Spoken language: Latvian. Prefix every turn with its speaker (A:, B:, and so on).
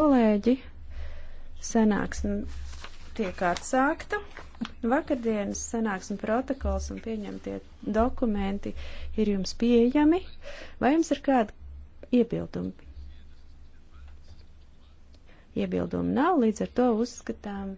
A: Kolēģi, sanāksme tiek atsākta. Vakardienas sanāksme protokols un pieņemtie dokumenti ir jums pieejami. Vai jums ir kādi iebildumi? Iebildumi nav, līdz ar to uzskatām